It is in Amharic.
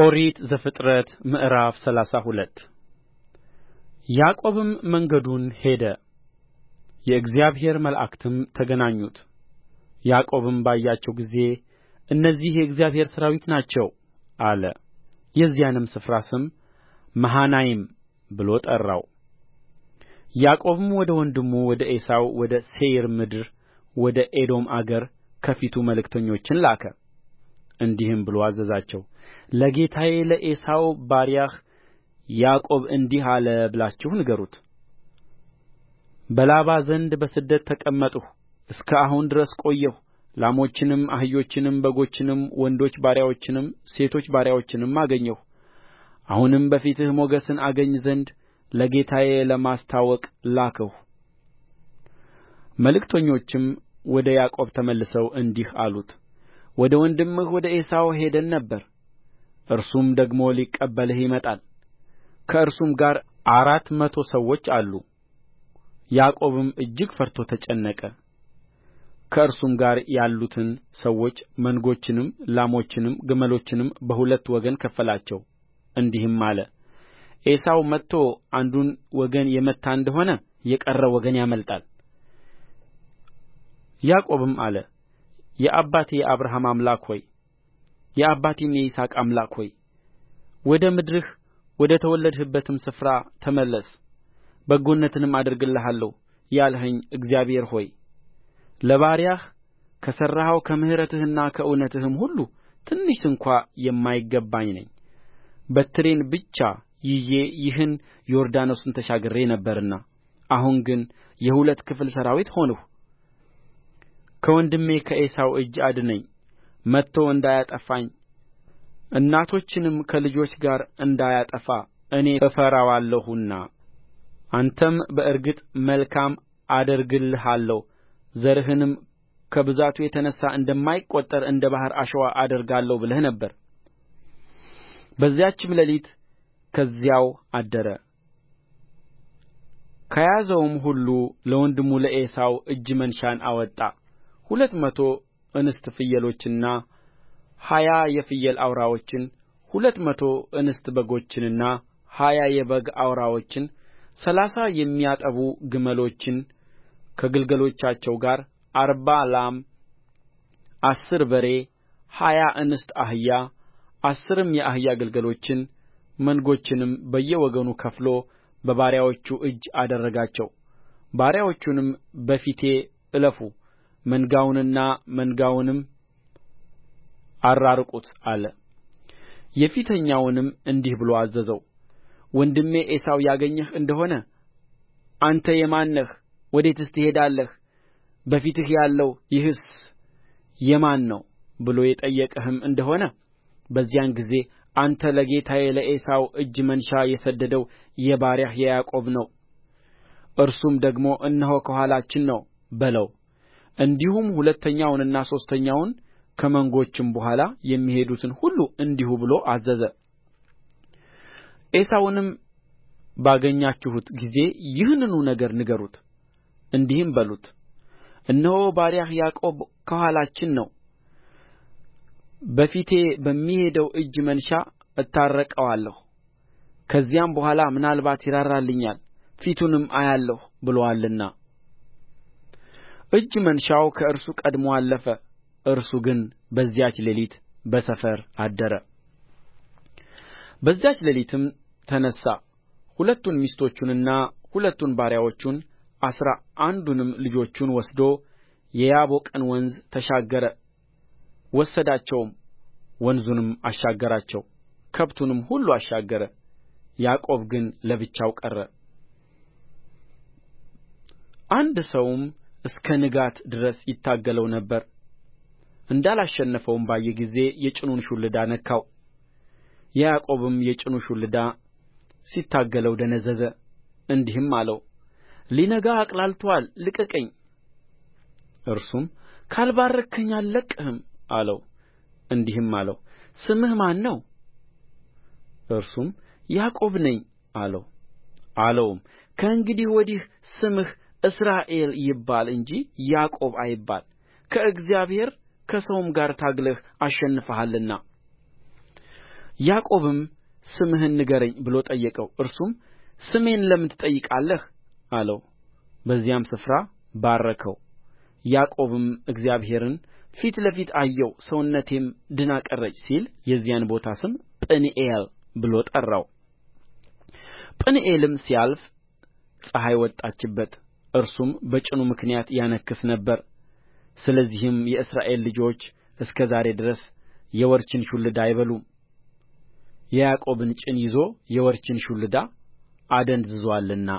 ኦሪት ዘፍጥረት ምዕራፍ ሰላሳ ሁለት ያዕቆብም መንገዱን ሄደ የእግዚአብሔር መላእክትም ተገናኙት። ያዕቆብም ባያቸው ጊዜ እነዚህ የእግዚአብሔር ሠራዊት ናቸው አለ። የዚያንም ስፍራ ስም መሃናይም ብሎ ጠራው። ያዕቆብም ወደ ወንድሙ ወደ ኤሳው ወደ ሴይር ምድር ወደ ኤዶም አገር ከፊቱ መልእክተኞችን ላከ፣ እንዲህም ብሎ አዘዛቸው ለጌታዬ ለዔሳው ባሪያህ ያዕቆብ እንዲህ አለ ብላችሁ ንገሩት በላባ ዘንድ በስደት ተቀመጥሁ እስከ አሁን ድረስ ቆየሁ ላሞችንም አህዮችንም በጎችንም ወንዶች ባሪያዎችንም ሴቶች ባሪያዎችንም አገኘሁ አሁንም በፊትህ ሞገስን አገኝ ዘንድ ለጌታዬ ለማስታወቅ ላክሁ መልእክተኞችም ወደ ያዕቆብ ተመልሰው እንዲህ አሉት ወደ ወንድምህ ወደ ዔሳው ሄደን ነበር እርሱም ደግሞ ሊቀበልህ ይመጣል ከእርሱም ጋር አራት መቶ ሰዎች አሉ ያዕቆብም እጅግ ፈርቶ ተጨነቀ ከእርሱም ጋር ያሉትን ሰዎች መንጎችንም ላሞችንም ግመሎችንም በሁለት ወገን ከፈላቸው እንዲህም አለ ዔሳው መጥቶ አንዱን ወገን የመታ እንደሆነ የቀረ ወገን ያመልጣል ያዕቆብም አለ የአባቴ የአብርሃም አምላክ ሆይ የአባቴም የይስሐቅ አምላክ ሆይ ወደ ምድርህ ወደ ተወለድህበትም ስፍራ ተመለስ በጎነትንም አደርግልሃለሁ ያልኸኝ እግዚአብሔር ሆይ ለባሪያህ ከሠራኸው ከምሕረትህና ከእውነትህም ሁሉ ትንሽ ስንኳ የማይገባኝ ነኝ በትሬን ብቻ ይዤ ይህን ዮርዳኖስን ተሻግሬ ነበርና አሁን ግን የሁለት ክፍል ሠራዊት ሆንሁ ከወንድሜ ከዔሳው እጅ አድነኝ መጥቶ እንዳያጠፋኝ እናቶችንም ከልጆች ጋር እንዳያጠፋ እኔ እፈራዋለሁና አንተም በእርግጥ መልካም አደርግልሃለሁ ዘርህንም ከብዛቱ የተነሣ እንደማይቈጠር እንደ ባሕር አሸዋ አደርጋለሁ ብለህ ነበር በዚያችም ሌሊት ከዚያው አደረ ከያዘውም ሁሉ ለወንድሙ ለዔሳው እጅ መንሻን አወጣ ሁለት መቶ እንስት ፍየሎችንና ሀያ የፍየል አውራዎችን ሁለት መቶ እንስት በጎችንና ሀያ የበግ አውራዎችን ሠላሳ የሚያጠቡ ግመሎችን ከግልገሎቻቸው ጋር አርባ ላም አሥር በሬ ሀያ እንስት አህያ አሥርም የአህያ ግልገሎችን መንጎችንም በየወገኑ ከፍሎ በባሪያዎቹ እጅ አደረጋቸው ባሪያዎቹንም በፊቴ እለፉ መንጋውንና መንጋውንም አራርቁት አለ የፊተኛውንም እንዲህ ብሎ አዘዘው ወንድሜ ዔሳው ያገኘህ እንደ ሆነ አንተ የማን ነህ ወዴትስ ትሄዳለህ በፊትህ ያለው ይህስ የማን ነው ብሎ የጠየቀህም እንደ ሆነ በዚያን ጊዜ አንተ ለጌታዬ ለዔሳው እጅ መንሻ የሰደደው የባሪያህ የያዕቆብ ነው እርሱም ደግሞ እነሆ ከኋላችን ነው በለው እንዲሁም ሁለተኛውንና ሦስተኛውን ከመንጎችም በኋላ የሚሄዱትን ሁሉ እንዲሁ ብሎ አዘዘ ዔሳውንም ባገኛችሁት ጊዜ ይህንኑ ነገር ንገሩት እንዲህም በሉት እነሆ ባሪያህ ያዕቆብ ከኋላችን ነው በፊቴ በሚሄደው እጅ መንሻ እታረቀዋለሁ ከዚያም በኋላ ምናልባት ይራራልኛል ፊቱንም አያለሁ ብሎአልና እጅ መንሻው ከእርሱ ቀድሞ አለፈ እርሱ ግን በዚያች ሌሊት በሰፈር አደረ በዚያች ሌሊትም ተነሣ ሁለቱን ሚስቶቹንና ሁለቱን ባሪያዎቹን አሥራ አንዱንም ልጆቹን ወስዶ የያቦቅን ወንዝ ተሻገረ ወሰዳቸውም ወንዙንም አሻገራቸው ከብቱንም ሁሉ አሻገረ ያዕቆብ ግን ለብቻው ቀረ አንድ ሰውም እስከ ንጋት ድረስ ይታገለው ነበር እንዳላሸነፈውም ባየ ጊዜ የጭኑን ሹልዳ ነካው ያዕቆብም የጭኑ ሹልዳ ሲታገለው ደነዘዘ እንዲህም አለው ሊነጋ አቅላልቶአል ልቀቀኝ እርሱም ካልባረክኸኝ አልለቅቅህም አለው እንዲህም አለው ስምህ ማን ነው እርሱም ያዕቆብ ነኝ አለው አለውም ከእንግዲህ ወዲህ ስምህ እስራኤል ይባል እንጂ ያዕቆብ አይባል ከእግዚአብሔር ከሰውም ጋር ታግለህ አሸንፈሃልና ያዕቆብም ስምህን ንገረኝ ብሎ ጠየቀው እርሱም ስሜን ለምን ትጠይቃለህ አለው በዚያም ስፍራ ባረከው ያዕቆብም እግዚአብሔርን ፊት ለፊት አየው ሰውነቴም ድና ቀረች ሲል የዚያን ቦታ ስም ጵኒኤል ብሎ ጠራው ጵኒኤልም ሲያልፍ ፀሐይ ወጣችበት እርሱም በጭኑ ምክንያት ያነክስ ነበር ስለዚህም የእስራኤል ልጆች እስከ ዛሬ ድረስ የወርችን ሹልዳ አይበሉም የያዕቆብን ጭን ይዞ የወርችን ሹልዳ አደንዝዞአልና